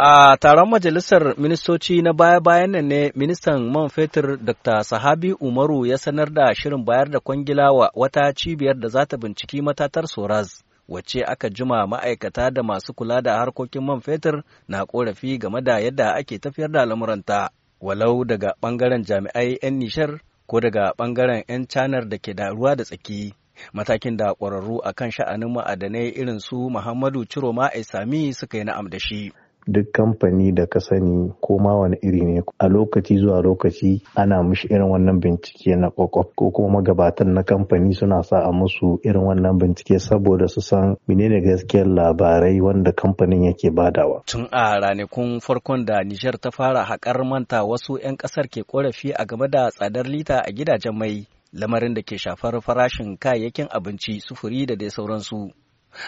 A taron majalisar ministoci na baya-bayan nan ne ministan man fetur Dr. Sahabi Umaru ya sanar da shirin bayar da kwangila wa wata cibiyar da za ta binciki matatar Soraz, wacce aka jima ma'aikata da masu kula da harkokin man fetur na korafi game da yadda ake tafiyar da lamuranta, walau daga ɓangaren jami'ai 'yan nishar ko daga ɓangaren 'yan canar da ke da ruwa da tsaki. matakin da ƙwararru a kan sha'anin ma'adanai irin su Muhammadu Ciroma Aisami suka yi na'am da shi. duk kamfani da ka sani ko ma wani iri ne a lokaci zuwa lokaci ana mishi irin wannan bincike na kwakwaf ko kuma magabatan na kamfani suna sa a musu irin wannan bincike saboda su san menene gaskiyar labarai wanda kamfanin yake badawa. Tun a ranakun farkon da Nijar ta fara haƙar manta wasu 'yan ƙasar ke ƙorafi a game da tsadar lita a gidajen mai lamarin da ke shafar farashin kayayyakin abinci sufuri da dai sauransu.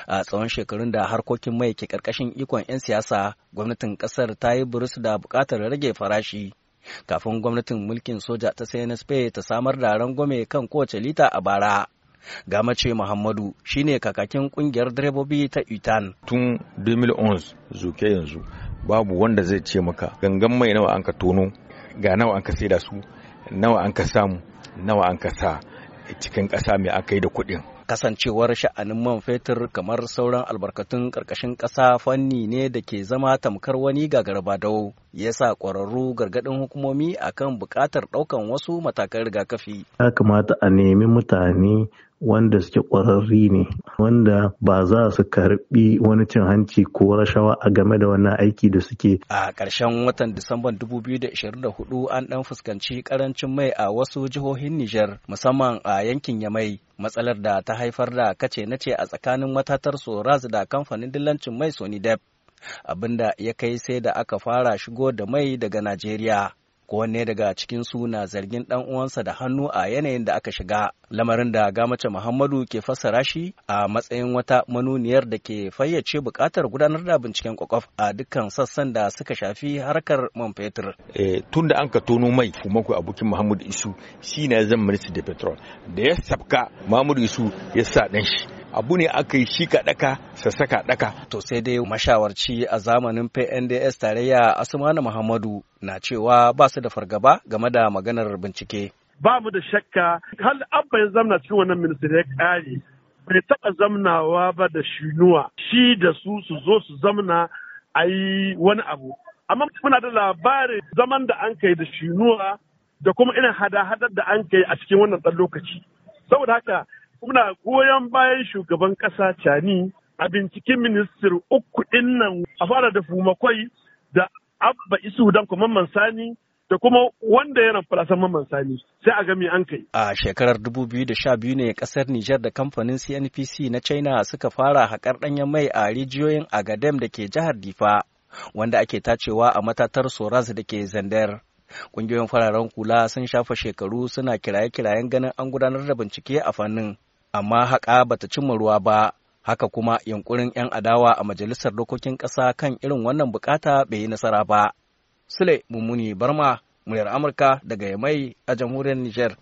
a tsawon shekarun da harkokin mai ke karkashin ikon 'yan siyasa gwamnatin kasar ta yi burus da bukatar rage farashi kafin gwamnatin mulkin soja ta cnsp ta samar da rangwame kan kowace lita a bara gamace muhammadu shine kakakin kungiyar direbobi ta itan tun 2011 zuke yanzu babu wanda zai ce maka gangan mai nawa an ka tono ga nawa an ka saida su nawa an ka samu nawa an ka sa cikin kasa mai aka yi da kuɗin kasancewar sha'anin man fetur kamar sauran albarkatun ƙarƙashin ƙasa fanni ne da ke zama tamkar wani dau, ya sa ƙwararru gargaɗin hukumomi akan buƙatar ɗaukan wasu matakan rigakafi. Ya kamata a nemi mutane wanda suke ƙwararri ne wanda ba za su karbi wani cin hanci ko rashawa a game da wannan aiki da suke. A ƙarshen watan Disamban 2024 an ɗan fuskanci ƙarancin mai a wasu jihohin Nijar musamman a yankin Yamai. Matsalar da ta haifar da kace na ce a tsakanin matatar Soraz da kamfanin dillancin mai Sonidep. Abinda ya kai sai da aka fara shigo da mai daga Najeriya. Ko wanne daga cikin su na zargin ɗan uwansa da hannu a yanayin da aka shiga lamarin da gamace muhammadu ke fassara shi a matsayin wata manuniyar da ke fayyace buƙatar gudanar da binciken kwakwaf a dukkan sassan da suka shafi harkar man fetur eh, tun da an ka tono mai kuma ku abokin muhammadu isu shi ne zan minista da petrol da ya sabka muhammadu isu ya sa ɗan shi abu ne aka yi shi kaɗaka sa saka ɗaka. To sai dai mashawarci a zamanin PNDS tarayya Asmanu Muhammadu na cewa ba su da fargaba game da maganar bincike. Ba mu da shakka hal abba ya zamna cikin wannan ministry ya kare bai taɓa zamnawa ba da shinuwa shi da su su zo su zamna a yi wani abu. Amma muna da labarin zaman da an kai da shinuwa da kuma irin hada-hadar da an kai a cikin wannan lokaci. Saboda haka muna goyon bayan shugaban ƙasa cani a binciken ministir uku din nan a fara da fumakwai da abba isu don kuma mansani da kuma wanda ya ramfara Mamman Sani, sai a gami an kai. A shekarar 2012 ne kasar Nijar da kamfanin CNPC na China suka fara haƙar ɗanyen mai a rijiyoyin Agadem da ke jihar Difa, wanda ake tacewa a matatar Soras da ke Zander. Ƙungiyoyin fararen kula sun shafa shekaru suna kiraye-kirayen ganin an gudanar da bincike a fannin. amma haƙa ta cimma ruwa ba haka kuma yunkurin 'yan adawa a majalisar dokokin ƙasa kan irin wannan bukata bai yi nasara ba. Sule Mummuni Barma, muryar Amurka daga Yamai a jamhuriyar Nijar.